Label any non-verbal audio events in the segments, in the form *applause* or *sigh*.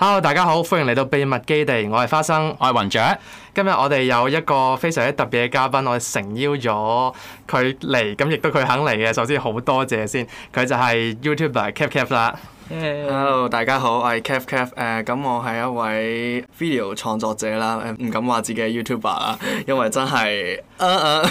Hello 大家好，歡迎嚟到秘密 GAY 地，我係花生，我係雲雀。今日我哋有一個非常之特別嘅嘉賓，我哋誠邀咗佢嚟，咁亦都佢肯嚟嘅，首先好多謝先。佢就係 YouTuber KevKev 啦。Hey. hello，大家好，我係 KevKev 誒咁我係一位 video 創作者啦，唔、uh, 敢話自己係 YouTuber 啦，因為真係誒誒，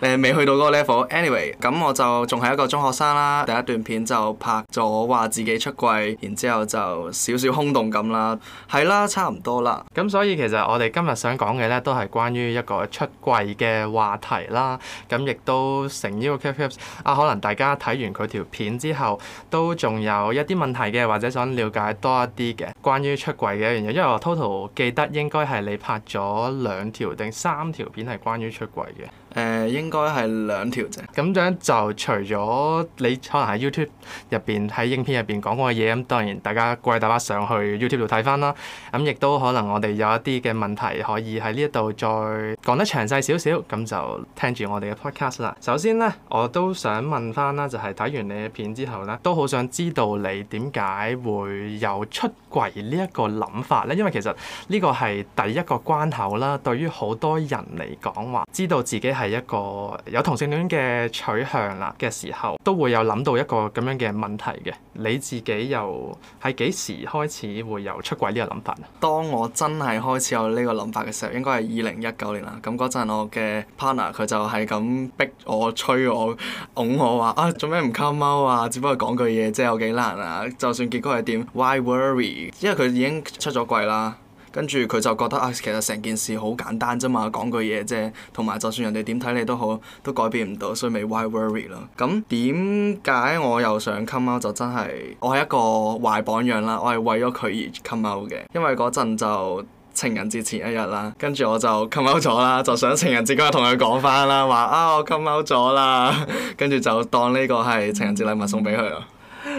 未、uh, uh, 去到嗰個 level。anyway，咁我就仲係一個中學生啦，第一段片就拍咗話自己出櫃，然之後就少少空洞咁啦，係、嗯、啦，差唔多啦。咁所以其實我哋今日想講嘅呢，都係關於一個出櫃嘅話題啦。咁亦都成呢個 KevKev 啊，可能大家睇完佢條片之後，都仲有一啲問。係嘅，或者想了解多一啲嘅關於出櫃嘅一樣嘢，因為我 Total 記得應該係你拍咗兩條定三條片係關於出櫃嘅。誒、嗯、應該係兩條啫，咁樣就除咗你可能喺 YouTube 入邊喺影片入邊講過嘅嘢，咁當然大家過嚟打翻上去 YouTube 度睇翻啦。咁、嗯、亦都可能我哋有一啲嘅問題可以喺呢一度再講得詳細少少，咁就聽住我哋嘅 podcast 啦。首先呢，我都想問翻啦，就係睇完你嘅片之後呢，都好想知道你點解會有出櫃呢一個諗法呢，因為其實呢個係第一個關口啦。對於好多人嚟講話，知道自己係一個有同性戀嘅取向啦嘅時候，都會有諗到一個咁樣嘅問題嘅。你自己又喺幾時開始會有出櫃呢個諗法咧？當我真係開始有呢個諗法嘅時候，應該係二零一九年啦。咁嗰陣我嘅 partner 佢就係咁逼我、催我、擁我話：啊，做咩唔 come out 啊？只不過講句嘢，即係有幾難啊。就算結果係點，Why worry？因為佢已經出咗櫃啦，跟住佢就覺得啊，其實成件事好簡單啫嘛，講句嘢啫，同埋就算人哋點睇你都好，都改變唔到，所以咪 why worry 咯。咁點解我又想 come out 就真係我係一個壞榜樣啦，我係為咗佢而 come out 嘅，因為嗰陣就情人節前一日啦，跟住我就 come out 咗啦，就想情人節嗰日同佢講翻啦，話啊我 come out 咗啦， *laughs* 跟住就當呢個係情人節禮物送俾佢咯。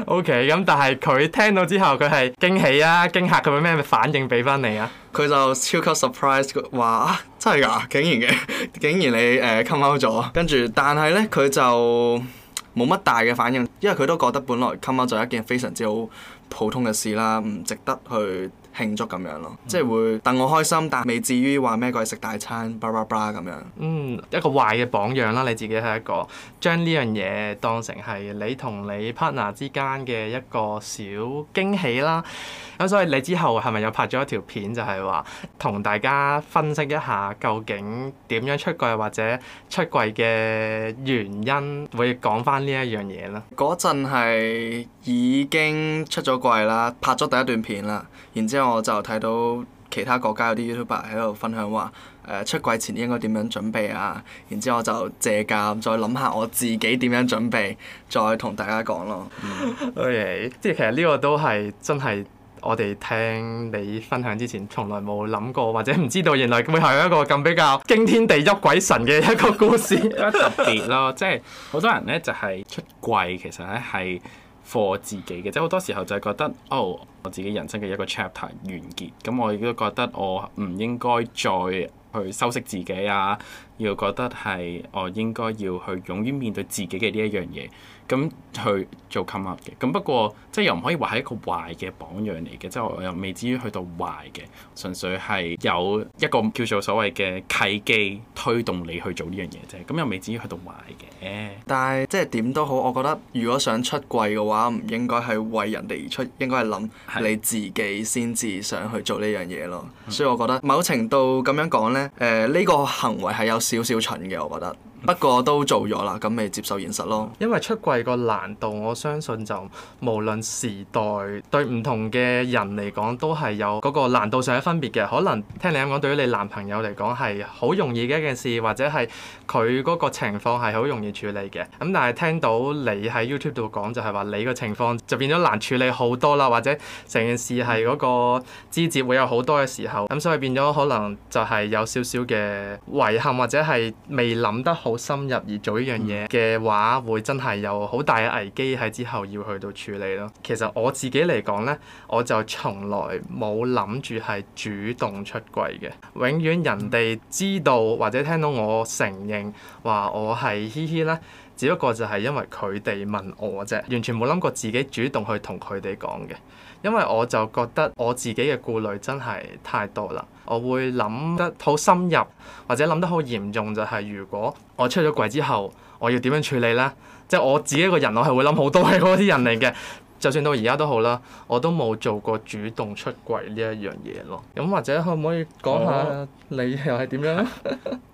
O K，咁但係佢聽到之後，佢係驚喜啊驚嚇，佢有咩反應俾翻你啊？佢就超級 surprise，佢話啊真係噶，竟然嘅，竟然你誒，偷貓咗，跟住但係呢，佢就冇乜大嘅反應，因為佢都覺得本來偷貓咗一件非常之好普通嘅事啦，唔值得去。慶祝咁樣咯，嗯，即係會等我開心，但係未至於話咩過嚟食大餐，巴拉巴拉咁樣。嗯，一個壞嘅榜樣啦，你自己係一個將呢樣嘢當成係你同你 partner 之間嘅一個小驚喜啦。咁所以你之後係咪又拍咗一條片就，就係話同大家分析一下究竟點樣出櫃或者出櫃嘅原因，會講翻呢一樣嘢咧？陣係已經出咗櫃啦，拍咗第一段片啦，然之後。咁我就睇到其他國家有啲 YouTuber 喺度分享話，誒出櫃前應該點樣準備啊？然之後我就借鑑，再諗下我自己點樣準備，再同大家講咯。OK，即係其實呢個都係真係我哋聽你分享之前，從來冇諗過或者唔知道，原來會係一個咁比較驚天地泣鬼神嘅一個故事， *laughs* 特別咯。即係好多人呢就係出櫃，其實咧係，for 自己嘅，即係好多時候就係覺得，哦，我自己人生嘅一個 chapter 完結，咁、嗯、我亦都覺得我唔應該再去修飾自己啊，要覺得係我應該要去勇於面對自己嘅呢一樣嘢。咁去做 come out 嘅，咁不過即係又唔可以話係一個壞嘅榜樣嚟嘅，即係我又未至於去到壞嘅，純粹係有一個叫做所謂嘅契機推動你去做呢樣嘢啫，咁又未至於去到壞嘅。但係即係點都好，我覺得如果想出櫃嘅話，唔應該係為人哋而出，應該係諗你自己先至想去做呢樣嘢咯。是的 所以我覺得某程度咁樣講呢，誒、呃、呢、呢個行為係有少少蠢嘅，我覺得。不過都做咗啦，咁咪接受現實咯。因為出櫃個難度，我相信就無論時代對唔同嘅人嚟講都係有嗰個難度上嘅分別嘅。可能聽你咁講，對於你男朋友嚟講係好容易嘅一件事，或者係佢嗰個情況係好容易處理嘅。咁但係聽到你喺 YouTube 度講就係、是、話你個情況就變咗難處理好多啦，或者成件事係嗰個枝節會有好多嘅時候，咁所以變咗可能就係有少少嘅遺憾，或者係未諗得好好深入而做呢樣嘢嘅話，會真係有好大嘅危機喺之後要去到處理咯。其實我自己嚟講呢，我就從來冇諗住係主動出櫃嘅。永遠人哋知道或者聽到我承認話我係嘻嘻呢，只不過就係因為佢哋問我啫，完全冇諗過自己主動去同佢哋講嘅。因為我就覺得我自己嘅顧慮真係太多啦，我會諗得好深入，或者諗得好嚴重，就係如果我出咗櫃之後，我要點樣處理咧？即係我自己個人，我係會諗好多嘅嗰啲人嚟嘅。就算到而家都好啦，我都冇做過主動出櫃呢一樣嘢咯。咁或者可唔可以講下、哦、你又係點樣咧？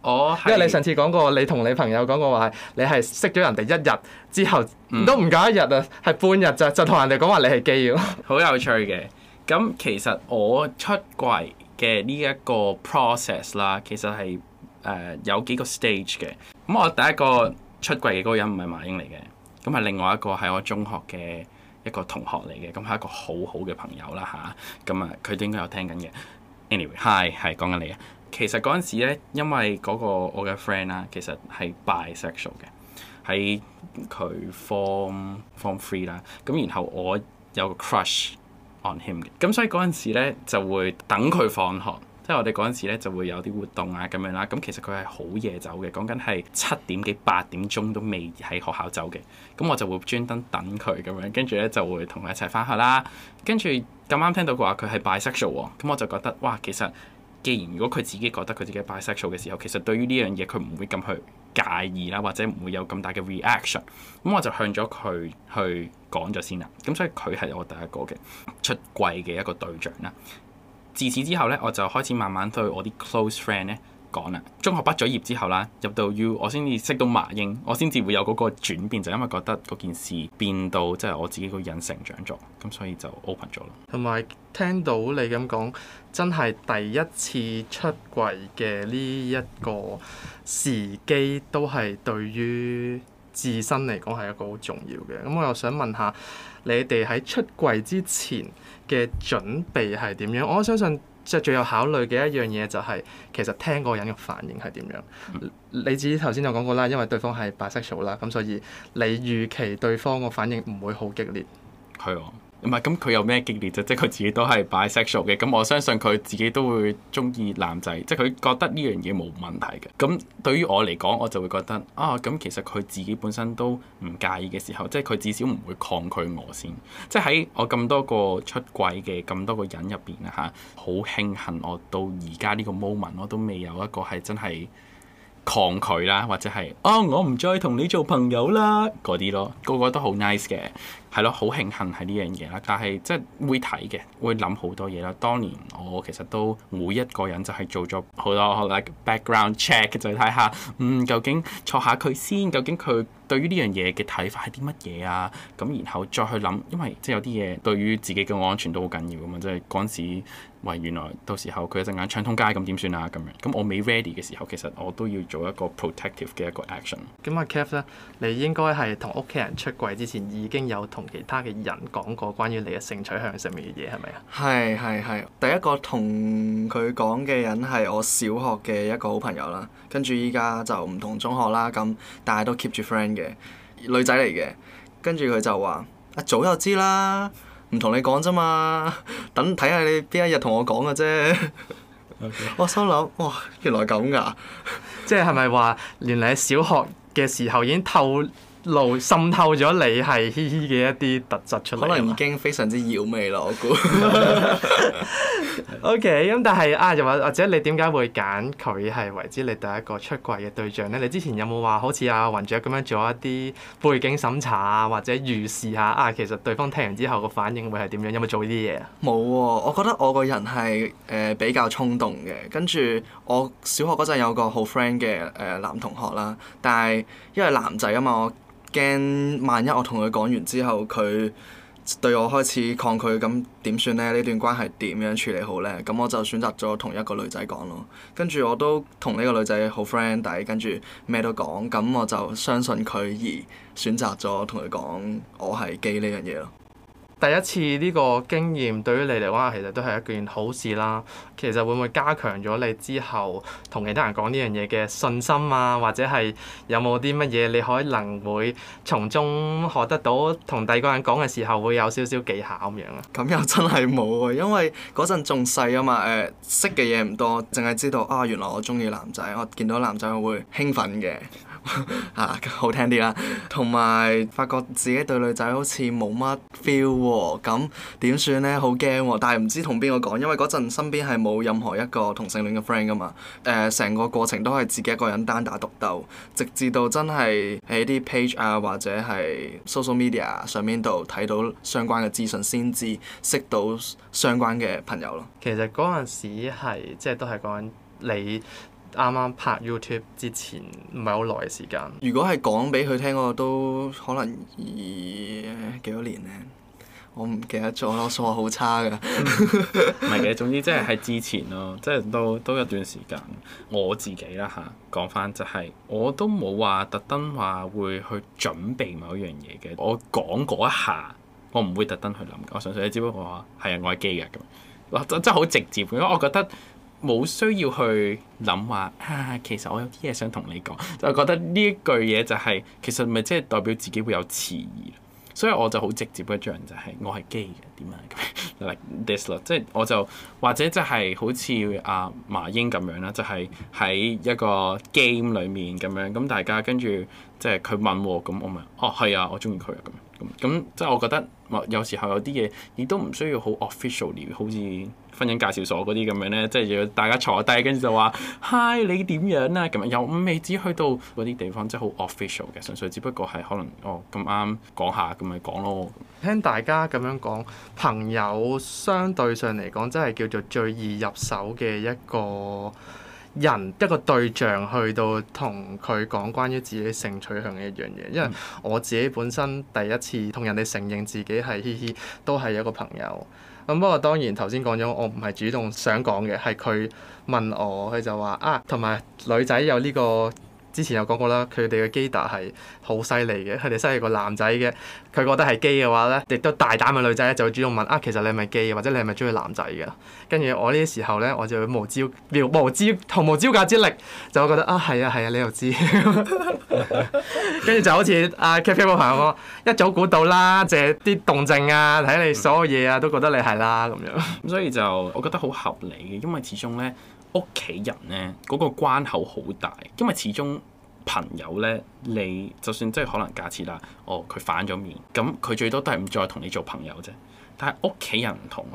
哦 *laughs* 是，因為你上次講過你同你朋友講過話你係識咗人哋一日之後、嗯、都唔夠一日啊，係半日就就同人哋講話你係基佬，好有趣嘅。咁其實我出櫃嘅呢一個 process 啦，其實係有幾個 stage 嘅。咁我第一個出櫃嘅嗰個人唔係馬英嚟嘅，咁係另外一個喺我中學嘅。一個同學嚟嘅，咁係一個好好嘅朋友啦吓，咁啊，佢、嗯、都應該有聽緊嘅。anyway，hi，係講緊你啊。其實嗰陣時咧，因為嗰個我嘅 friend 啦，其實係 bisexual 嘅，喺佢 form form three 啦。咁然後我有個 crush on him 嘅，咁所以嗰陣時咧就會等佢放學。即係我哋嗰陣時咧，就會有啲活動啊咁樣啦。咁其實佢係好夜走嘅，講緊係七點幾八點鐘都未喺學校走嘅。咁我就會專登等佢咁樣，跟住咧就會同佢一齊返學啦。跟住咁啱聽到佢話佢係 bisexual 喎、嗯，咁我就覺得哇，其實既然如果佢自己覺得佢自己 bisexual 嘅時候，其實對於呢樣嘢佢唔會咁去介意啦，或者唔會有咁大嘅 reaction、嗯。咁我就向咗佢去講咗先啦。咁、嗯、所以佢係我第一個嘅出櫃嘅一個對象啦。自此之後咧，我就開始慢慢對我啲 close friend 咧講啦。中學畢咗業之後啦，入到 U，我先至識到麻英，我先至會有嗰個轉變，就是、因為覺得嗰件事變到即係、就是、我自己個人成長咗，咁所以就 open 咗咯。同埋聽到你咁講，真係第一次出櫃嘅呢一個時機，都係對於自身嚟講係一個好重要嘅，咁、嗯、我又想問下你哋喺出櫃之前嘅準備係點樣？我相信即係最有考慮嘅一樣嘢就係、是、其實聽嗰人嘅反應係點樣。嗯、你自己頭先就講過啦，因為對方係白色組啦，咁所以你預期對方個反應唔會好激烈。係啊、嗯。嗯。唔係咁，佢有咩激烈啫？即係佢自己都係 bisexual 嘅，咁我相信佢自己都會中意男仔，即係佢覺得呢樣嘢冇問題嘅。咁對於我嚟講，我就會覺得啊，咁、哦、其實佢自己本身都唔介意嘅時候，即係佢至少唔會抗拒我先。即係喺我咁多個出櫃嘅咁多個人入邊啊，嚇，好慶幸我到而家呢個 moment，我都未有一個係真係抗拒啦，或者係哦，我唔再同你做朋友啦嗰啲咯，個個都好 nice 嘅。係咯，好、嗯、慶幸係呢樣嘢啦，但係即係會睇嘅，會諗好多嘢啦。當年我其實都每一個人就係做咗好多 like background check，就睇下嗯究竟坐下佢先，究竟佢對於呢樣嘢嘅睇法係啲乜嘢啊？咁、嗯、然後再去諗，因為即係有啲嘢對於自己嘅安全都好緊要㗎嘛。即係嗰陣時，喂原來到時候佢一陣間唱通街咁點算啊？咁樣咁、嗯、我未 ready 嘅時候，其實我都要做一個 protective 嘅一個 action。咁啊，Kev 咧，你應該係同屋企人出櫃之前已經有同其他嘅人講過關於你嘅性取向上面嘅嘢係咪啊？係係係，第一個同佢講嘅人係我小學嘅一個好朋友啦，跟住依家就唔同中學啦，咁但係都 keep 住 friend 嘅女仔嚟嘅，跟住佢就話、啊：早就知啦，唔同你講啫嘛，等睇下你邊一日同我講嘅啫。我 Okay.、哦、心諗：哇、哦，原來咁㗎、啊，即係係咪話連你喺小學嘅時候已經透？路滲透咗你係嘻嘻嘅一啲特質出嚟，可能已經非常之妖媚咯，我估。O K。咁但係啊，又或或者，你點解會揀佢係為之你第一個出櫃嘅對象咧？你之前有冇話好似阿雲雀咁樣做一啲背景審查啊，或者預示下啊？其實對方聽完之後個反應會係點樣？有冇做呢啲嘢啊？冇喎，我覺得我個人係誒、呃、比較衝動嘅。跟住我小學嗰陣有個好 friend 嘅誒、呃、男同學啦，但係因為男仔啊嘛，我驚萬一我同佢講完之後，佢對我開始抗拒，咁點算咧？呢段關係點樣處理好咧？咁我就選擇咗同一個女仔講咯。跟住我都同呢個女仔好 friend 底，跟住咩都講。咁我就相信佢而選擇咗同佢講我係基呢樣嘢咯。第一次呢個經驗對於你嚟講，其實都係一件好事啦。其實會唔會加強咗你之後同其他人講呢樣嘢嘅信心啊？或者係有冇啲乜嘢你可能會從中學得到同第二個人講嘅時候會有少少技巧咁樣啊？咁又真係冇啊，因為嗰陣仲細啊嘛。誒，識嘅嘢唔多，淨係知道啊，原來我鍾意男仔，我見到男仔我會興奮嘅。嚇， *laughs* 好聽啲啦，同埋發覺自己對女仔好似冇乜 feel 喎，哦，咁點算呢？好驚喎，但係唔知同邊個講，因為嗰陣身邊係冇任何一個同性戀嘅 friend 噶嘛，呃、成個過程都係自己一個人單打獨鬥，直至到真係喺啲 page 啊或者係 social media 上面度睇到相關嘅資訊，先至識到相關嘅朋友咯。其實嗰陣時係即係都係講緊你。啱啱拍 YouTube 之前，唔係好耐嘅時間。如果係講俾佢聽，嗰都可能二幾多年咧，我唔記得咗咯，我數學好差噶。唔係嘅，總之即係喺之前咯，即係都都一段時間。我自己啦嚇，講翻就係、是、我都冇話特登話會去準備某一樣嘢嘅。我講嗰一下，我唔會特登去諗。我純粹你只不過話係啊，我係 gay 嘅咁，真真好直接嘅。因為我覺得。冇需要去諗話啊，其實我有啲嘢想同你講，就覺得呢一句嘢就係、是、其實咪即係代表自己會有遲疑，所以我就好直接一、就是、樣就係我係基嘅點解咁樣，like this 咯，即係我就或者就係好似阿馬英咁樣啦，就係、是、喺一個 game 裡面咁樣，咁大家跟住即係佢問我咁，我咪哦係啊，我中意佢啊咁，咁即係我覺得。有時候有啲嘢亦都唔需要好 official 好似婚姻介紹所嗰啲咁樣呢，即係要大家坐低跟住就話嗨，你點樣啊咁樣，又未至去到嗰啲地方，真係好 official 嘅，純粹只不過係可能哦咁啱講下咁咪講咯。聽大家咁樣講，朋友相對上嚟講，真係叫做最易入手嘅一個。人一個對象去到同佢講關於自己性取向嘅一樣嘢，因為我自己本身第一次同人哋承認自己係嘻嘻，都係一個朋友。咁不過當然頭先講咗，我唔係主動想講嘅，係佢問我，佢就話啊，同埋女仔有呢個。之前有講過啦，佢哋嘅基達係好犀利嘅，佢哋犀利過男仔嘅，佢覺得係基嘅話咧，亦都大膽嘅女仔就會主動問啊，其實你係咪基，或者你係咪鍾意男仔嘅？跟住我呢啲時候咧，我就無招無招同無招架之力，就會覺得啊，係啊係啊，你又知，跟住就好似阿 Kev 個朋友講，一早估到啦，借啲動靜啊，睇你所有嘢啊，都覺得你係啦咁樣。咁所以就我覺得好合理嘅，因為始終咧。屋企人呢，嗰個關口好大，因為始終朋友呢，你就算即係可能假設啦，哦佢反咗面，咁佢最多都係唔再同你做朋友啫。但係屋企人唔同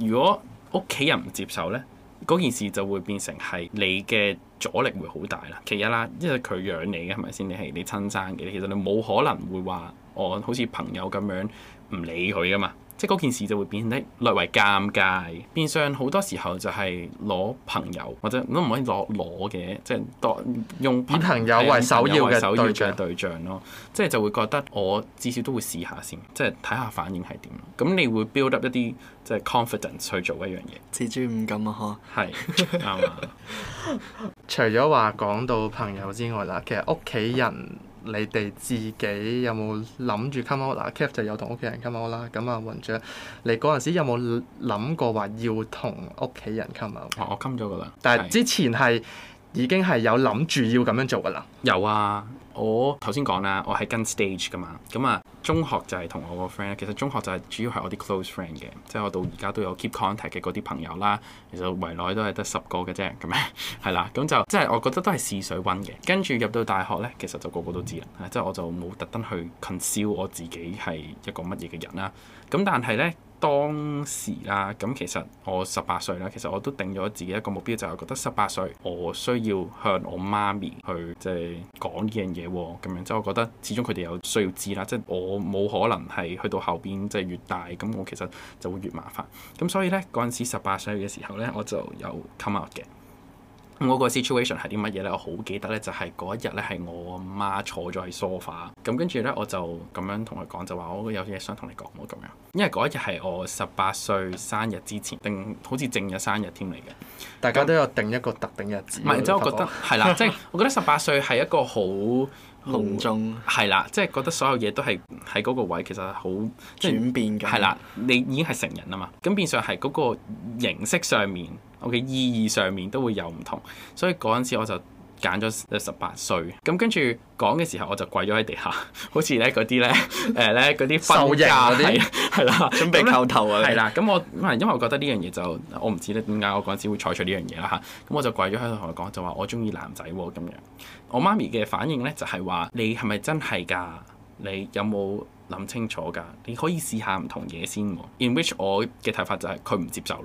喎，如果屋企人唔接受呢，嗰件事就會變成係你嘅阻力會好大啦。其一啦，因為佢養你嘅係咪先？你係你親生嘅，其實你冇可能會話我好似朋友咁樣唔理佢㗎嘛。即嗰件事就會變得略為尷尬，變相好多時候就係攞朋友或者都唔可以攞攞嘅，即係當用朋友，朋友為首要嘅對象對象咯，即係就會覺得我至少都會試下先，即係睇下反應係點。咁你會 build up 一啲即係 confidence 去做一樣嘢，始終唔敢啊！嗬是，係啱啊！ *laughs* 除咗話講到朋友之外啦，其實屋企人。你哋自己有冇諗住 come out？Kev 就有同屋企人 come out 啦。咁啊，雲章，你嗰陣時有冇諗過話要同屋企人 come out？我 come 咗噶啦。但係之前係是已經係有諗住要咁樣做噶啦。有啊，我頭先講啦，我係跟 stage 噶嘛，咁啊。中學就係同我個 friend 其實中學就係主要係我啲 close friend 嘅，即係我到而家都有 keep contact 嘅嗰啲朋友啦。其實圍內都係得十個嘅啫，咁樣係啦。咁就即係我覺得都係試水溫嘅。跟住入到大學呢，其實就個個都知啦，即係我就冇特登去 conceal 我自己係一個乜嘢嘅人啦。咁但係呢，當時啦，咁其實我十八歲啦，其實我都定咗自己一個目標，就係覺得十八歲我需要向我媽咪去即係講呢樣嘢喎。咁樣即係我覺得始終佢哋有需要知啦，即係我。我冇可能係去到後邊即係越大，咁我其實就會越麻煩。咁所以呢，嗰陣時十八歲嘅時候呢，我就有 come out 嘅。咁我個 situation 係啲乜嘢呢？我好記得呢，就係、是、嗰一日呢係我阿媽坐咗喺梳化，咁跟住呢，我就咁樣同佢講，就話我有嘢想同你講，冇咁樣。因為嗰一日係我十八歲生日之前，定好似正日生日添嚟嘅。大家都有定一個特定日子。唔係是，之後覺得係啦，即係我覺得十八、 *laughs* 就是、歲係一個好。隆重係啦，即係很中、就是、覺得所有嘢都係喺嗰個位，其實好、就是、轉變㗎。係啦，你已經係成人啊嘛，咁變相係嗰個形式上面我嘅、okay? 意義上面都會有唔同，所以嗰陣時我就。揀咗十八歲，咁跟住講嘅時候，我就跪咗喺地下，好似咧嗰啲咧誒咧嗰啲受刑嗰啲，係啦，準備叩頭頭啊，係啦那，咁 *laughs* 我因為我覺得呢樣嘢就我唔知咧點解我嗰陣時會採取呢樣嘢啦嚇，咁我就跪咗喺度同佢講，就話我中意男仔喎咁樣。我媽咪嘅反應咧就係、是、話：你係咪真係㗎？你有冇諗清楚㗎？你可以試下唔同嘢先、啊。In which 我嘅睇法就係佢唔接受咯，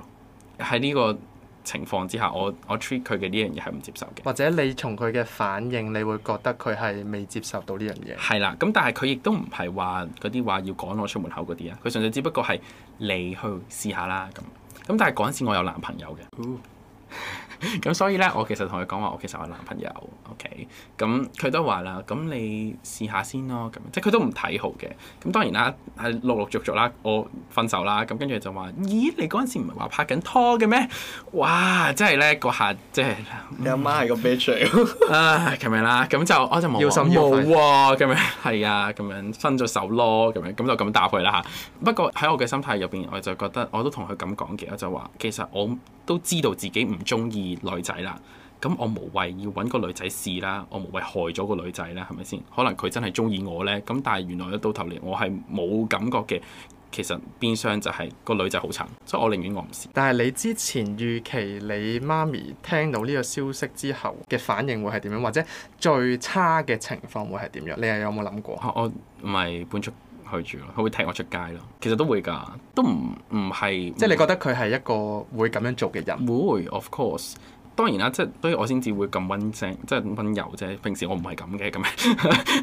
喺呢、這個。情況之下，我我 treat 佢嘅呢樣嘢係唔接受嘅。或者你從佢嘅反應，你會覺得佢係未接受到呢樣嘢。係啦，咁但係佢亦都唔係話嗰啲話要趕我出門口嗰啲啊。佢純粹只不過係你去試下啦。咁咁但係嗰陣時我有男朋友嘅。Uh. 咁所以咧，我其實同佢講話，我其實我男朋友，OK，咁佢都話啦，咁你試下先咯，咁樣即係佢都唔睇好嘅。咁當然啦，係陸陸續續啦，我分手啦，咁跟住就話：咦，你嗰陣時唔係話拍緊拖嘅咩？哇，即係咧嗰下，即係、嗯、你阿媽係個 b e t r a y 唉，咁樣啦，咁就我就冇冇喎，咁樣係啊，咁樣分咗手咯，咁樣咁就咁答佢啦嚇。不過喺我嘅心態入邊，我就覺得我都同佢咁講嘅，我就話其實我都知道自己唔中意。女仔啦，咁我無謂要揾個女仔試啦，我無謂害咗個女仔啦，係咪先？可能佢真係中意我呢。咁但係原來一到頭嚟，我係冇感覺嘅。其實變相就係個女仔好慘，所以我寧願我唔試。但係你之前預期你媽咪聽到呢個消息之後嘅反應會係點樣，或者最差嘅情況會係點樣？你又有冇諗過？啊，我唔係搬出。去住咯，佢會踢我出街咯。其實都會㗎，都唔唔係。即係你覺得佢係一個會咁樣做嘅人？會，of course，當然啦，即係所以我先至會咁溫聲，即係溫柔啫。平時我唔係咁嘅，咁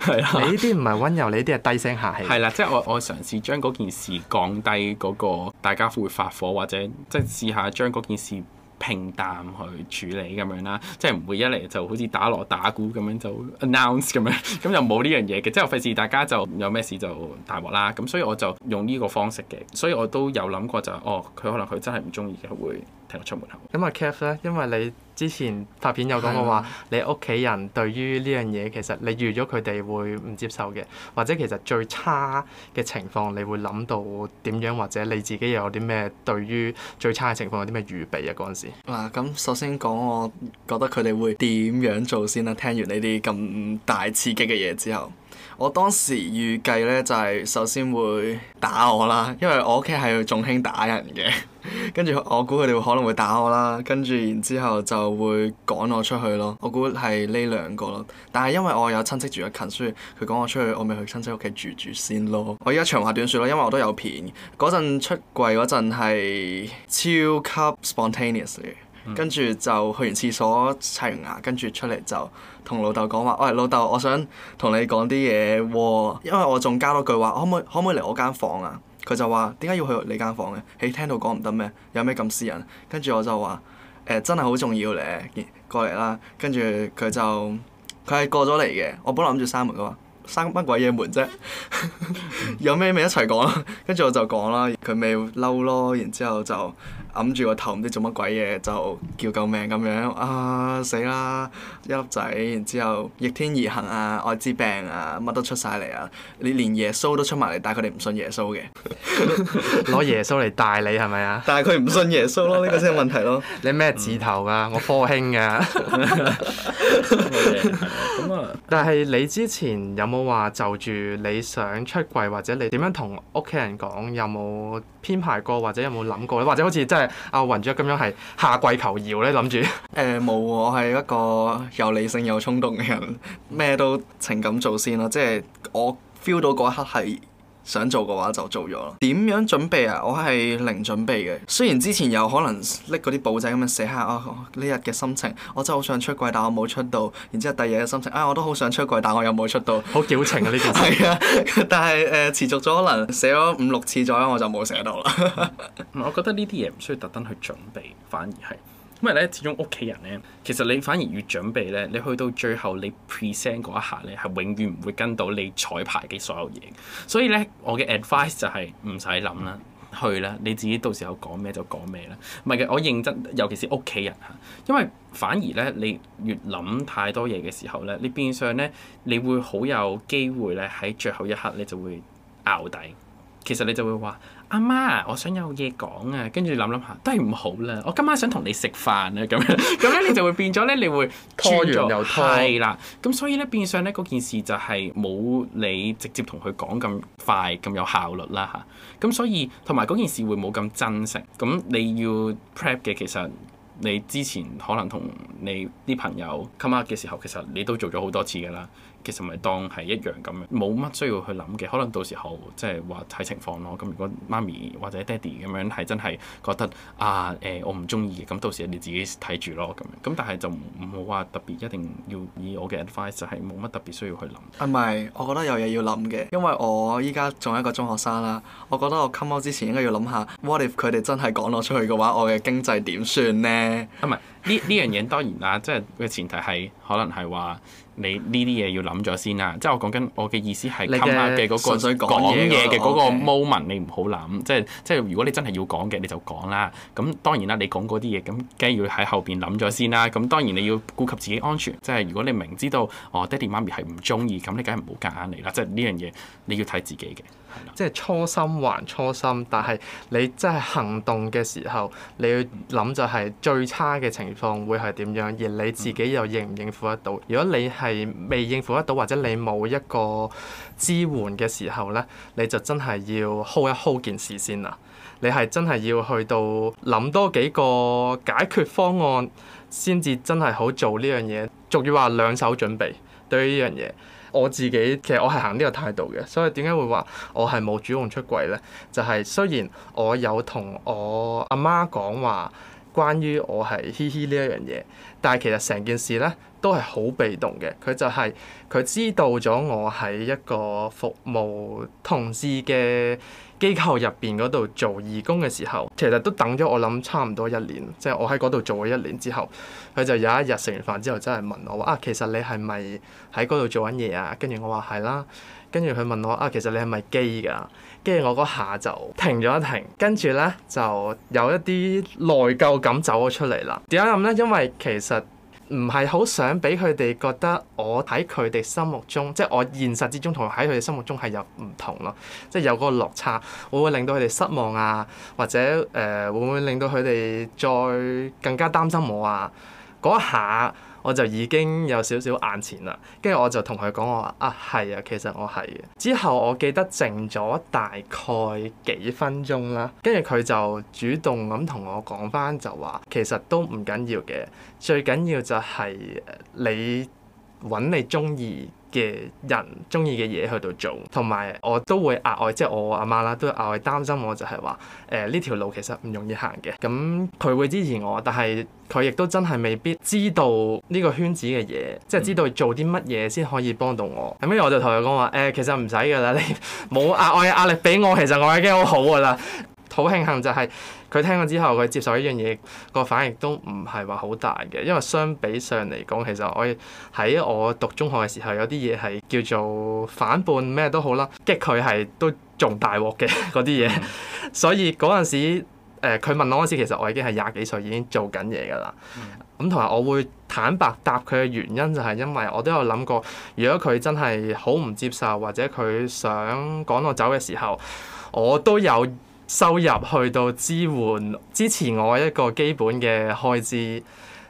係咯。 *laughs* 的 *laughs* 你呢啲唔係溫柔，你呢啲係低聲下氣。係啦，即係我我嘗試將嗰件事降低嗰個大家會發火，或者即係試下將嗰件事。平淡去處理咁樣啦，即係唔會一嚟就好似打鑼打鼓咁樣就 announce 咁樣，咁就冇呢樣嘢嘅，即係費事大家就有咩事就大鑊啦。咁所以我就用呢個方式嘅，所以我都有諗過就哦，佢可能佢真係唔中意嘅會。出門口咁啊 Kev 咧，因為你之前拍片有講過話，啊、你屋企人對於呢樣嘢其實你預咗佢哋會唔接受嘅，或者其實最差嘅情況你會諗到點樣，或者你自己又有啲咩對於最差嘅情況有啲咩預備啊？嗰陣時嗱，咁首先講，我覺得佢哋會點樣做先啦、啊？聽完呢啲咁大刺激嘅嘢之後。我當時預計呢，就係、是、首先會打我啦，因為我屋企係仲興打人嘅，跟 *laughs* 住我估佢哋可能會打我啦，跟住然之後就會趕我出去咯。我估係呢兩個咯。但係因為我有親戚住得近，所以佢趕我出去，我咪去親戚屋企住住先咯。我而家長話短説咯，因為我都有片嗰陣出櫃嗰陣係超級 spontaneous。跟住就去完廁所，刷完牙，跟住出嚟就同老豆講話，喂、 *noise* 哎、老豆，我想同你講啲嘢喎，因為我仲加多句話，可唔可可唔可以嚟我間房啊？佢就話：點解要去你間房嘅？喺廳度講唔得咩？有咩咁私人？跟住我就話：誒、呃、真係好重要咧，過嚟啦。跟住佢就佢係過咗嚟嘅。我本嚟諗住閂門嘅喎，閂乜鬼嘢門啫？有咩咪一齊講啦？跟住我就講啦，佢咪嬲咯，然之後就。揞住個頭唔知做乜鬼嘢，就叫救命咁樣啊，死啦！一粒仔，然之後逆天而行啊，愛滋病啊，乜都出晒嚟啊！你連耶穌都出埋嚟，但係佢哋唔信耶穌嘅，攞 *laughs* 耶穌嚟帶你係咪啊？但係佢唔信耶穌咯，呢 *laughs* 個先係問題咯。你咩字頭㗎？嗯、我科興㗎。咁啊？但係你之前有冇話就住你想出櫃，或者你點樣同屋企人講？有冇編排過，或者有冇諗過咧？或者好似真係～阿雲仲咁樣係下跪求饒，咧、呃，諗住？誒冇，我係一個又理性又衝動嘅人，咩都情感做先咯，即係我 feel 到嗰一刻係。想做嘅話就做咗啦。點樣準備啊？我係零準備嘅。雖然之前有可能拎嗰啲簿仔咁樣寫下啊呢日嘅心情，我真係好想出櫃，但我冇出到。然之後第二日嘅心情啊、哎，我都好想出櫃，但我又冇出到。好矯情啊！呢件事係啊， *laughs* 但係誒、呃、持續咗可能寫咗五六次左右，我就冇寫到啦 *laughs* 、嗯。我覺得呢啲嘢唔需要特登去準備，反而係。因為咧，始終屋企人咧，其實你反而越準備咧，你去到最後你 present 嗰一下咧，係永遠唔會跟到你彩排嘅所有嘢。所以咧，我嘅 advice 就係唔使諗啦，去啦，你自己到時候講咩就講咩啦。唔係嘅，我認真，尤其是屋企人嚇，因為反而咧，你越諗太多嘢嘅時候咧，你變相咧，你會好有機會咧喺最後一刻咧就會拗底。其實你就會話。阿、啊、媽，我想有嘢講啊，跟住諗諗下都係唔好啦。我今晚想同你食飯啊，咁樣咁咧，樣你就會變咗咧，你會拖完又拖， *laughs* 拖完又拖啦。咁所以咧，變相咧嗰件事就係冇你直接同佢講咁快咁有效率啦嚇。咁、啊、所以同埋嗰件事會冇咁真實。咁你要 prep 嘅，其實你之前可能同你啲朋友 come out 嘅時候，其實你都做咗好多次噶啦。其實咪當係一樣咁樣，冇乜需要去諗嘅。可能到時候即係話睇情況咯。咁如果媽咪或者爹哋咁樣係真係覺得啊誒、呃，我唔中意嘅，咁到時你自己睇住咯咁樣。咁但係就唔好話特別一定要以我嘅 advice 就係冇乜特別需要去諗。啊唔係，我覺得有嘢要諗嘅，因為我依家仲係一個中學生啦。我覺得我 come out 之前應該要諗下，what if 佢哋真係趕我出去嘅話，我嘅經濟點算呢？係咪？呢呢樣嘢當然啦，即係嘅前提係可能係話你呢啲嘢要諗咗先啦。即係我講緊我嘅意思係、那個，你嘅純粹講嘢嘅嗰個 moment Okay. 你唔好諗。即係即係如果你真係要講嘅你就講啦。咁當然啦，你講嗰啲嘢咁梗係要喺後邊諗咗先啦。咁當然你要顧及自己安全。即係如果你明知道我、哦、爹哋媽咪係唔中意，咁你梗係唔好夾硬嚟啦。即係呢樣嘢你要睇自己嘅。即係初心還初心，但係你真係行動嘅時候，你要諗就係最差嘅情況會係點樣，而你自己又應唔應付得到？如果你係未應付得到，或者你冇一個支援嘅時候呢，你就真係要 hold 一 hold 件事先啦。你係真係要去到諗多幾個解決方案，先至真係好做呢樣嘢。俗語話兩手準備。對於呢樣嘢，我自己其實我係行呢個態度嘅。所以點解會話我係冇主動出櫃呢？就係、是、雖然我有同我阿媽講話關於我係嘻嘻呢一樣嘢，但係其實成件事咧都係好被動嘅。佢就係，佢知道咗我喺一個服務同志嘅機構入邊嗰度做義工嘅時候，其實都等咗我諗差唔多一年，即係我喺嗰度做咗一年之後，佢就有一日食完飯之後真係問我話啊，其實你係咪喺嗰度做緊嘢啊？跟住我話係啦。跟住佢問我啊，其實你係咪 gay 㗎？跟住我嗰下就停咗一停，跟住呢，就有一啲內疚感走咗出嚟啦。點解咁呢？因為其實唔係好想俾佢哋覺得我喺佢哋心目中，即係我現實之中同喺佢哋心目中係有唔同咯，即係有嗰個落差，會唔會令到佢哋失望啊，或者誒會唔會令到佢哋再更加擔心我啊。嗰下。我就已經有少少眼淺啦，跟住我就同佢講我話啊係啊，其實我係。之後我記得靜咗大概幾分鐘啦，跟住佢就主動咁同我講翻就話，其實都唔緊要嘅，最緊要就係你揾你中意。嘅人中意嘅嘢去到做，同埋我都會額外即係我阿媽啦，都會額外擔心我就，就係話誒呢條路其實唔容易行嘅。咁、嗯、佢會支持我，但係佢亦都真係未必知道呢個圈子嘅嘢，即係知道做啲乜嘢先可以幫到我。咁跟住我就同佢講話誒，其實唔使㗎啦，你冇額外嘅壓力俾我，其實我已經好好㗎啦。好慶幸就係佢聽咗之後，佢接受呢樣嘢個反應都唔係話好大嘅，因為相比上嚟講，其實我喺我讀中學嘅時候，有啲嘢係叫做反叛咩都好啦，激佢係都仲大鑊嘅嗰啲嘢。所以嗰陣時，誒佢問我嗰陣時，其實我已經係廿幾歲，已經做緊嘢㗎啦。咁同埋我會坦白答佢嘅原因，就係因為我都有諗過，如果佢真係好唔接受，或者佢想趕我走嘅時候，我都有。收入去到支援支持我一個基本嘅開支，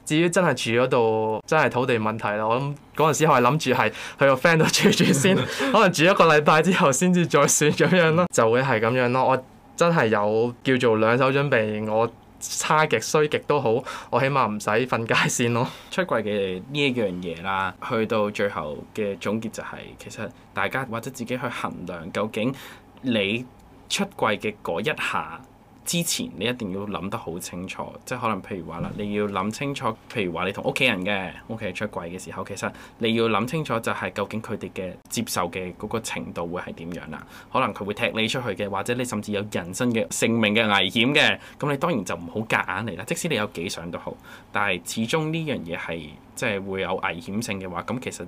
至於真係住嗰度真係土地問題啦，我諗嗰陣時我係諗住係去個 friend 度住住先， *laughs* 可能住一個禮拜之後先至再算咁樣咯，就會係咁樣咯。我真係有叫做兩手準備，我差極衰極都好，我起碼唔使瞓街先咯。出櫃嘅呢一樣嘢啦，去到最後嘅總結就係、是、其實大家或者自己去衡量，究竟你。出櫃嘅嗰一下之前，你一定要諗得好清楚，即係可能譬如話啦，你要諗清楚，譬如話你同屋企人嘅屋企人出櫃嘅時候，其實你要諗清楚就係究竟佢哋嘅接受嘅嗰個程度會係點樣啦。可能佢會踢你出去嘅，或者你甚至有人身嘅性命嘅危險嘅，咁你當然就唔好夾硬嚟啦。即使你有幾想都好，但係始終呢樣嘢係即係會有危險性嘅話，咁其實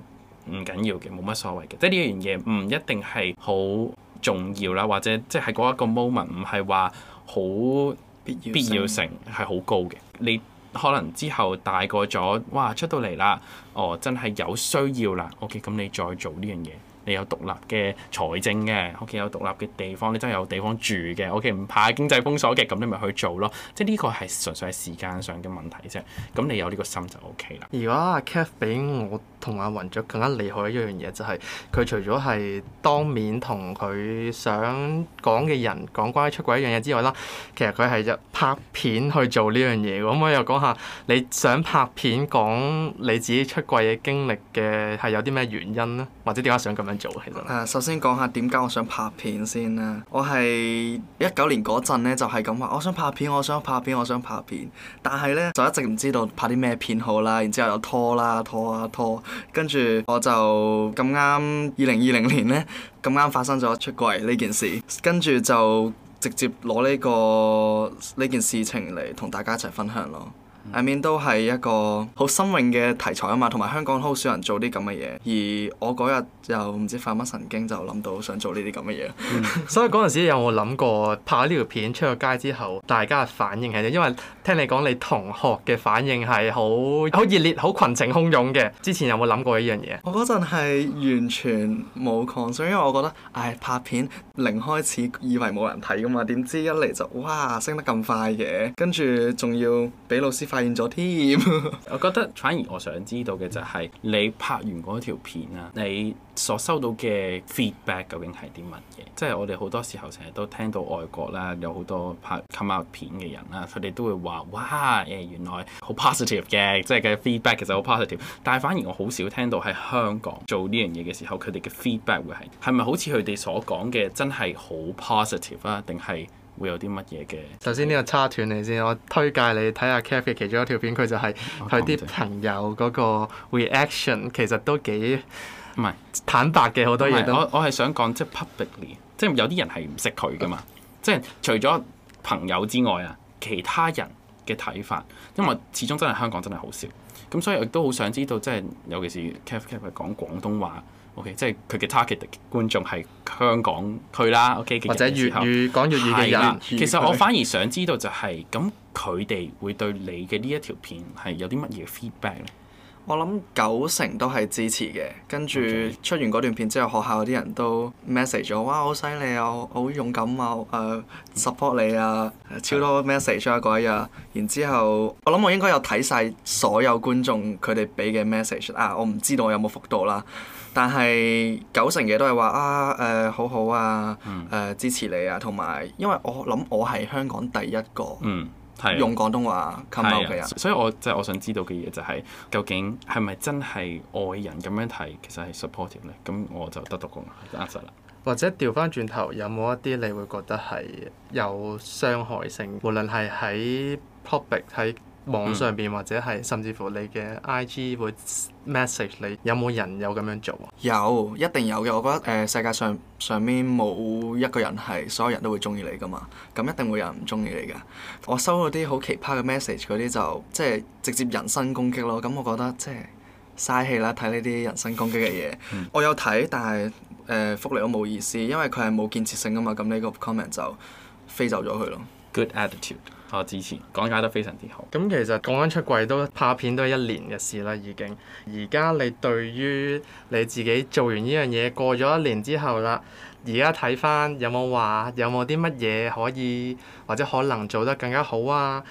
唔緊要嘅，冇乜所謂嘅，即係呢樣嘢唔一定係好。重要啦，或者即係喺嗰一個 moment，唔係話好必要性係好高嘅。你可能之後大個咗，哇出到嚟啦，哦真係有需要啦，OK，咁你再做呢樣嘢。你有獨立嘅財政嘅屋企，有獨立嘅地方，你真係有地方住嘅，OK，唔怕經濟封鎖嘅，咁你咪去做咯。即係呢個係純粹係時間上嘅問題啫。咁你有呢個心就 OK 啦。如果阿 Kev 俾我同阿雲雀更加厲害一樣嘢，就係、是、佢除咗係當面同佢想講嘅人講關於出櫃一樣嘢之外啦，其實佢係入拍片去做呢樣嘢。咁我又講下，你想拍片講你自己出櫃嘅經歷嘅係有啲咩原因呢？或者點解想咁樣？誒其、啊，首先講下點解我想拍片先啦、啊。我係一九年嗰陣咧，就係咁話，我想拍片，我想拍片，我想拍片。但係呢，就一直唔知道拍啲咩片好啦。然之後又拖啦，拖啊拖。跟住我就咁啱二零二零年呢，咁啱發生咗出櫃呢件事。跟住就直接攞呢、這個呢件事情嚟同大家一齊分享咯。嗯、I mean 都係一個好新穎嘅題材啊嘛，同埋香港好少人做啲咁嘅嘢。而我嗰日，就唔知發乜神經，就諗到想做呢啲咁嘅嘢。 *laughs* 所以嗰陣時有冇諗過拍咗呢條片出咗街之後，大家嘅反應係點？因為聽你講你同學嘅反應係好好熱烈、好群情洶湧嘅。之前有冇諗過呢樣嘢？我嗰陣係完全冇 concern，因為我覺得唉拍片零開始以為冇人睇噶嘛，點知一嚟就嘩升得咁快嘅，跟住仲要俾老師發現咗添。 *laughs* 我覺得反而我想知道嘅就係、是、你拍完嗰條片啊，你。所收到嘅 feedback 究竟係啲乜嘢？即係我哋好多時候成日都聽到外國啦，有好多拍 come out 片嘅人啦，佢哋都會話：哇誒，原來好 positive 嘅，即係嘅 feedback 其實好 positive。但係反而我好少聽到喺香港做呢樣嘢嘅時候，佢哋嘅 feedback 會係係咪好似佢哋所講嘅真係好 positive 啊？定係會有啲乜嘢嘅？首先呢個差斷嚟先，我推介你睇下 Kathy 其中一條片，佢就係佢啲朋友嗰個 reaction，其實都幾。唔係坦白嘅，好多嘢都我我係想講，即係 publicly，即係有啲人係唔識佢㗎嘛， *laughs* 即係除咗朋友之外啊，其他人嘅睇法，因為始終真係香港真係好少，咁所以我都好想知道，即係尤其是 KevKev 係講廣東話，OK，即係佢嘅 target 觀眾係香港區啦，OK，的的或者粵語講粵語嘅人，啦其實我反而想知道就係、是、咁，佢哋會對你嘅呢一條片係有啲乜嘢 feedback 我諗九成都係支持嘅，跟住出完嗰段片之後，學校啲人都 message 咗，哇好犀利啊，好勇敢啊，誒、呃、support 你啊，超多 message 啊，嗰一日。然之後我諗我應該有睇晒所有觀眾佢哋俾嘅 message，啊我唔知道我有冇覆到啦，但係九成嘅都係話啊誒、呃、好好啊，誒、呃、支持你啊，同埋因為我諗我係香港第一個。嗯啊、用廣東話溝埋嘅人，所以我即係、就係、我想知道嘅嘢就係、係，究竟係咪真係外人咁樣睇，其實係 supportive 咧？咁我就得到廣東話啱曬啦。或者調翻轉頭，有冇一啲你會覺得係有傷害性？無論係喺 public 喺。網上邊或者係甚至乎你嘅 I G 會 message 你，有冇人有咁樣做啊？有，一定有嘅。我覺得誒、呃、世界上上面冇一個人係所有人都會中意你噶嘛，咁一定會有人唔中意你噶。我收到啲好奇葩嘅 message，嗰啲就即係直接人身攻擊咯。咁我覺得即係嘥氣啦，睇呢啲人身攻擊嘅嘢。嗯、我有睇，但係誒覆你都冇意思，因為佢係冇建設性啊嘛。咁呢個 comment 就飛走咗佢咯。Good attitude. 啊！我支持，講解得非常之好。咁其實講緊出櫃都拍片都係一年嘅事啦，已經。而家你對於你自己做完呢樣嘢過咗一年之後啦，而家睇返有冇話有冇啲乜嘢可以或者可能做得更加好啊？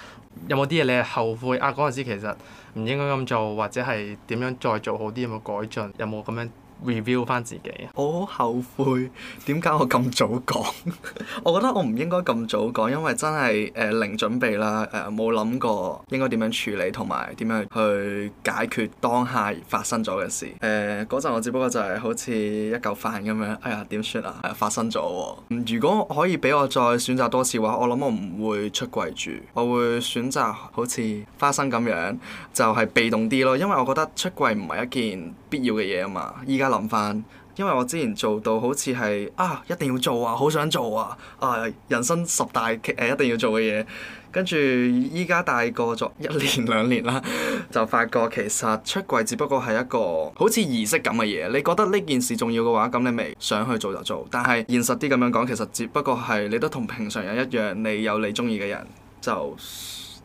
有冇啲嘢你係後悔啊？嗰陣時其實唔應該咁做，或者係點樣再做好啲，有冇改進？有冇咁樣？Review 翻自己。我好、oh, 後悔，點解我咁早講？ *laughs* 我覺得我唔應該咁早講，因為真係誒、呃、零準備啦，誒冇諗過應該點樣處理同埋點樣去解決當下發生咗嘅事。誒嗰陣我只不過就係好似一嚿飯咁樣，哎呀點算啊？誒、哎、發生咗喎、啊。如果可以俾我再選擇多次嘅話，我諗我唔會出櫃住，我會選擇好似花生咁樣，就係、是、被動啲咯。因為我覺得出櫃唔係一件必要嘅嘢啊嘛，依家諗翻，因為我之前做到好似係啊一定要做啊，好想做啊，啊人生十大誒一定要做嘅嘢，跟住依家大個咗一年兩年啦， *laughs* 就發覺其實出櫃只不過係一個好似儀式咁嘅嘢。你覺得呢件事重要嘅話，咁你咪想去做就做。但係現實啲咁樣講，其實只不過係你都同平常人一樣，你有你中意嘅人就。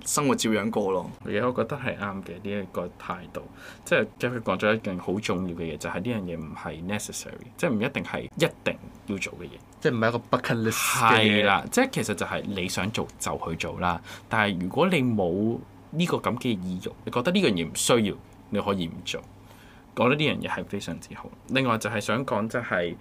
生活照樣過咯，而且我覺得係啱嘅呢一個態度，即係 Jackie 講咗一件好重要嘅嘢，就係、是、呢樣嘢唔係 necessary，即係唔一定係一定要做嘅嘢，即係唔係一個 bucket list 嘅嘢。係啦，即係其實就係你想做就去做啦，但係如果你冇呢個咁嘅意欲，你覺得呢樣嘢唔需要，你可以唔做。我覺得呢樣嘢係非常之好。另外就係想講即係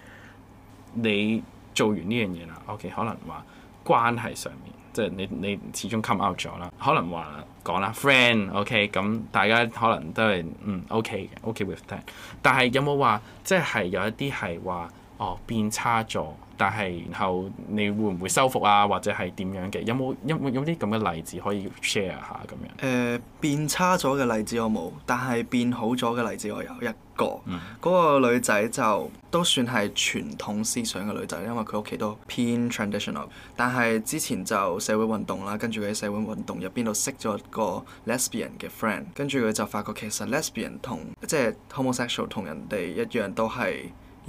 你做完呢樣嘢啦，OK，可能話。關係上面，即係你你始終 come out 咗啦，可能話講啦，friend，OK，、okay，咁大家可能都係嗯 OK 嘅，OK with that，但係有冇話即係有一啲係話？哦，變差咗，但係然後你會唔會修復啊，或者係點樣嘅？有冇有冇有啲咁嘅例子可以 share 下咁樣？誒、呃，變差咗嘅例子我冇，但係變好咗嘅例子我有一個。嗰、嗯、個女仔就都算係傳統思想嘅女仔，因為佢屋企都偏 traditional。但係之前就社會運動啦，跟住佢喺社會運動入邊度識咗一個 lesbian 嘅 friend，跟住佢就發覺其實 lesbian 同即係、就是、homosexual 同人哋一樣都係，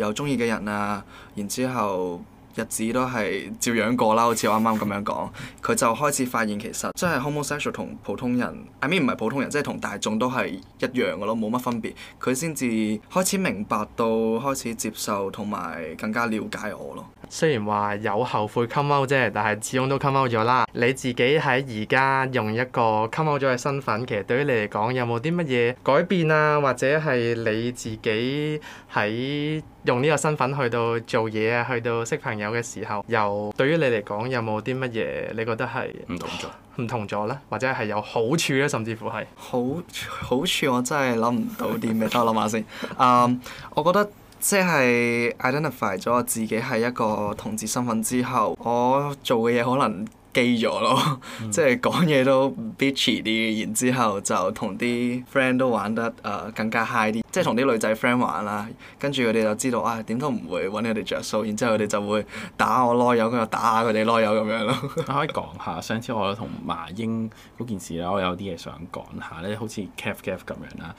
有中意嘅人啊，然之後日子都係照樣過啦，好似我啱啱咁樣講，佢就開始發現其實真係 homosexual 同普通人，I mean 唔係普通人，即係同大眾都係一樣嘅咯，冇乜分別。佢先至開始明白到，開始接受同埋更加了解我咯。雖然話有後悔 come out 啫，但係始終都 come out 咗啦。你自己喺而家用一個 come out 咗嘅身份，其實對於你嚟講有冇啲乜嘢改變啊？或者係你自己喺，用呢個身份去到做嘢啊，去到識朋友嘅時候，又對於你嚟講有冇啲乜嘢你覺得係唔同咗？唔同咗啦， *laughs* 或者係有好處咧，甚至乎係好好處，我真係諗唔到啲咩。等 *laughs* 我諗下先。Um, 我覺得即係 identify 咗我自己係一個同志身份之後，我做嘅嘢可能。基咗咯，即係講嘢都 bitchy 啲，然之後就同啲 friend 都玩得誒、呃、更加 high 啲，即係同啲女仔 friend 玩啦，跟住佢哋就知道啊，點、哎、都唔會揾你哋着數，然之後佢哋就會打我囉柚，佢又打下佢哋囉柚咁樣咯。可以講下上次我同馬英嗰件事啦，我有啲嘢想講下咧，好似 caf caf 咁樣啦。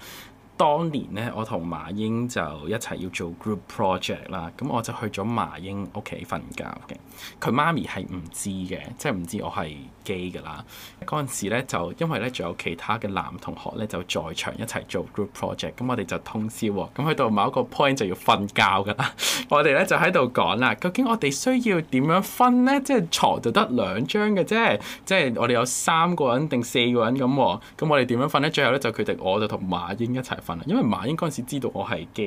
當年咧，我同馬英就一齊要做 group project 啦，咁我就去咗馬英屋企瞓覺嘅。佢媽咪係唔知嘅，即係唔知我係 gay 噶啦。嗰陣時咧，就因為咧仲有其他嘅男同學咧，就在場一齊做 group project，咁我哋就通宵喎、喔。咁去到某一個 point 就要瞓覺噶啦， *laughs* 我哋咧就喺度講啦，究竟我哋需要點樣瞓咧？即係床就得兩張嘅啫，即係我哋有三個人定四個人咁喎、喔。咁我哋點樣瞓咧？最後咧就決定我就同馬英一齊。因為馬英嗰陣時知道我係基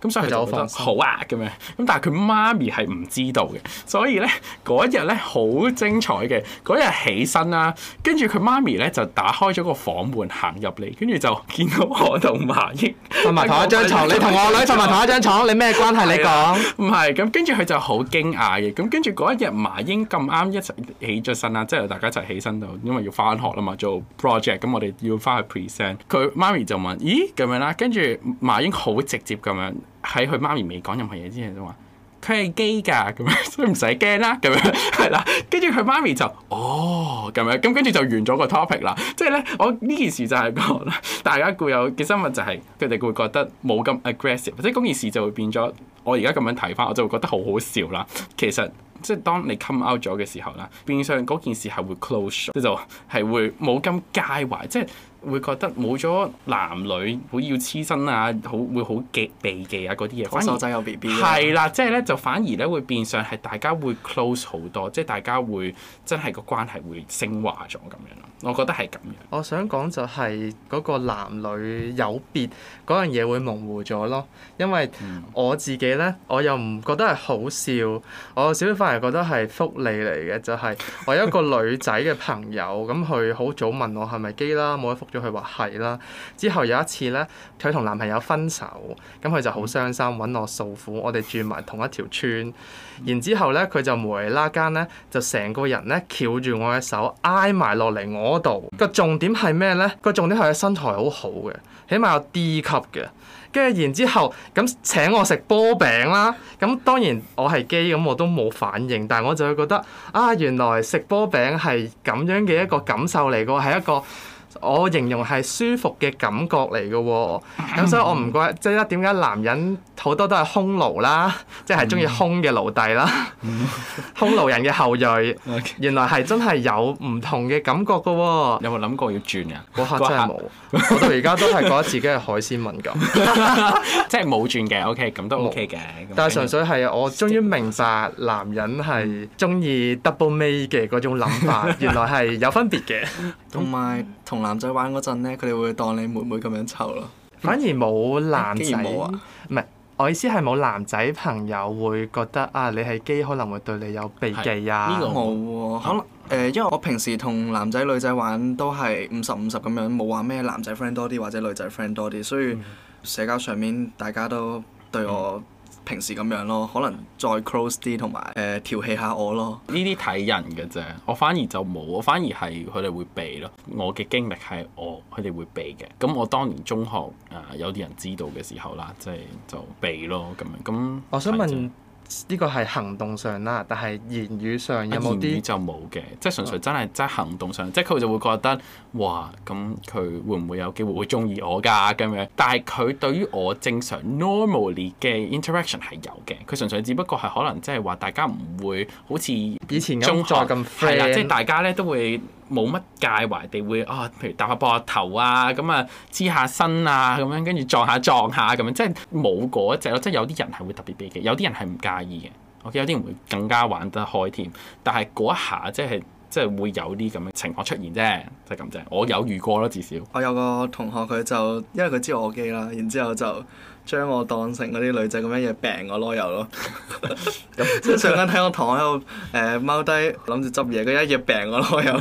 嘅，咁所以佢覺得好啊咁樣，咁但係佢媽咪係唔知道嘅，所以咧嗰日咧好、嗯、呢呢精彩嘅，嗰日起身啦、啊，跟住佢媽咪咧就打開咗個房門行入嚟，跟住就見到我同馬英瞓埋、啊、 *laughs* 同一張床。 *laughs* 你同我女瞓埋同一張床， *laughs* 你咩關係？你講唔係咁，跟住佢就好驚訝嘅，咁跟住嗰一日馬英咁啱一齊起咗身啦，即係大家一齊起身就因為要翻學啦嘛，做 project 咁我哋要翻去 present，佢媽咪就問：咦咁？咦跟住馬英好直接咁樣喺佢媽咪未講任何嘢之前就話：佢係基㗎，咁樣所以唔使驚啦，咁樣係啦。跟住佢媽咪就哦咁樣，咁跟住就完咗個 topic 啦。即係呢，我呢件事就係講大家固有嘅生物就係佢哋會覺得冇咁 aggressive，即係嗰件事就會變咗。我而家咁樣睇返，我就會覺得好好笑啦。其實即係當你 come out 咗嘅時候啦，變相嗰件事係會 close 即就係會冇咁介懷，即係。會覺得冇咗男女會要黐身啊，好會好忌避忌啊嗰啲嘢，反而係啦，即係咧就反而咧會變相係大家會 close 好多，即係大家會真係個關係會升華咗咁樣咯。我覺得係咁樣。我想講就係嗰個男女有別嗰樣嘢會模糊咗咯，因為我自己咧我又唔覺得係好笑，我有少少反而覺得係福利嚟嘅，就係我有一個女仔嘅朋友咁，佢好 *laughs* 早問我係咪基啦，冇得復。佢話係啦，之後有一次呢，佢同男朋友分手，咁佢就好傷心，揾我訴苦。我哋住埋同一條村，然之後呢，佢就無啦啦間呢，就成個人呢，翹住我嘅手挨埋落嚟我度。個重點係咩呢？個重點係佢身材好好嘅，起碼有 D 級嘅。跟住然之後咁請我食波餅啦。咁當然我係基咁，我都冇反應，但係我就會覺得啊，原來食波餅係咁樣嘅一個感受嚟嘅，係一個。我形容係舒服嘅感覺嚟嘅喎，咁所以我唔怪，即係一點解男人好多都係匈奴啦，即係中意兇嘅奴隸啦，匈、嗯、 *laughs* 奴人嘅後裔，Okay. 原來係真係有唔同嘅感覺嘅喎、哦。有冇諗過要轉㗎、啊？嗰刻真係冇，我客到而家都係覺得自己係海鮮敏感， *laughs* *laughs* 即係冇轉嘅。O K，咁都 O K 嘅。但係純粹係我終於明白男人係中意 double me a 嘅嗰種諗法， *laughs* 原來係有分別嘅。同埋同。男仔玩嗰陣咧，佢哋會當你妹妹咁樣湊咯。反而冇男仔，唔係、啊啊，我意思係冇男仔朋友會覺得啊，你係基可能會對你有避忌啊。呢個冇喎、啊，可能誒，欸、因為我，我平時同男仔女仔玩都係五十五十咁樣，冇話咩男仔 friend 多啲或者女仔 friend 多啲，所以社交上面大家都對我，嗯平時咁樣咯，可能再 close 啲同埋誒調戲下我咯，呢啲睇人嘅啫。我反而就冇，我反而係佢哋會避咯。我嘅經歷係我佢哋會避嘅。咁我當年中學誒、呃、有啲人知道嘅時候啦，即係就避咯咁樣。咁我想問。呢個係行動上啦，但係言語上有冇啲？言語就冇嘅，即係純粹真係即係行動上，即係佢就會覺得，哇！咁佢會唔會有機會會中意我㗎咁、啊、樣？但係佢對於我正常 normally 嘅 interaction 係有嘅，佢純粹只不過係可能即係話大家唔會好似以前中學咁 friend 即係大家咧都會。冇乜介懷地會啊、哦，譬如搭下膊頭啊，咁啊黐下身啊，咁樣跟住撞下撞下咁樣，即係冇嗰一隻咯。即係有啲人係會特別避忌，有啲人係唔介意嘅。我見有啲人會更加玩得開添。但係嗰一下即係即係會有啲咁嘅情況出現啫，就係咁啫。我有遇過啦，至少。我有個同學佢就因為佢知我機啦，然之後就，將我當成嗰啲女仔咁樣，日病我攞油咯，咁即係上緊堂喺度誒踎低諗住執嘢，佢一夜病我攞油。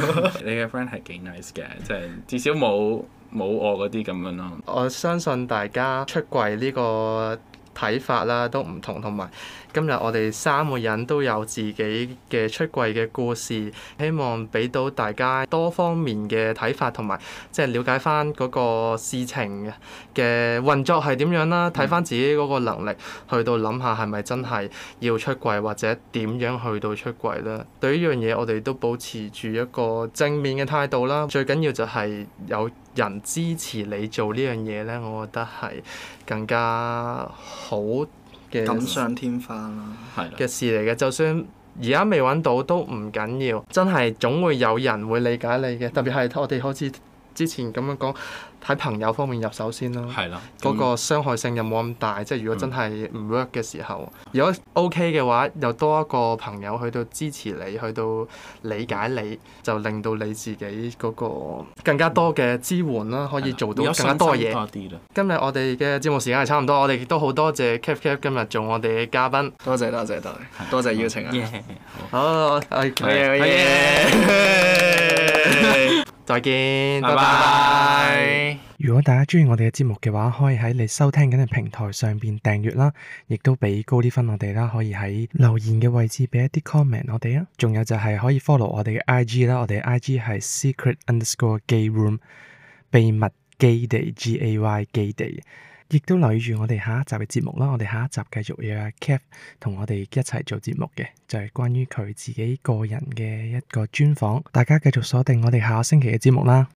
你嘅 friend 係幾 nice 嘅，即係至少冇冇我嗰啲咁樣咯。 *laughs* 我相信大家出櫃呢個睇法啦，都唔同，同埋。今日我哋三個人都有自己嘅出櫃嘅故事，希望俾到大家多方面嘅睇法，同埋即係了解翻嗰個事情嘅運作係點樣啦。睇翻自己嗰個能力，去到諗下係咪真係要出櫃或者點樣去到出櫃咧？對呢樣嘢，我哋都保持住一個正面嘅態度啦。最緊要就係有人支持你做呢樣嘢咧，我覺得係更加好。錦上添花啦，嘅事嚟嘅。就算而家未揾到都唔緊要，真係總會有人會理解你嘅。特別係我哋好似之前咁樣講。喺朋友方面入手先啦，嗰個傷害性又冇咁大，即係如果真係唔 work 嘅時候，如果 OK 嘅話，又多一個朋友去到支持你，去到理解你，就令到你自己嗰個更加多嘅支援啦，可以做到更加多嘢。今日我哋嘅節目時間係差唔多，我哋亦都好多謝 KevKev 今日做我哋嘅嘉賓，多謝多謝多謝，多謝邀請啊！好，好嘅，好嘅，再見，拜拜。如果大家中意我哋嘅節目嘅話，可以喺你收聽緊嘅平台上邊訂閱啦，亦都俾高啲分我哋啦。可以喺留言嘅位置俾一啲 comment 我哋啊。仲有就係可以 follow 我哋嘅 IG 啦，我哋嘅 IG 係 secret underscore gay room，秘密基地 G A Y 基地。亦都留意住我哋下一集嘅節目啦，我哋下一集繼續有 Kev 同我哋一齊做節目嘅，就係關於佢自己個人嘅一個專訪。大家繼續鎖定我哋下個星期嘅節目啦。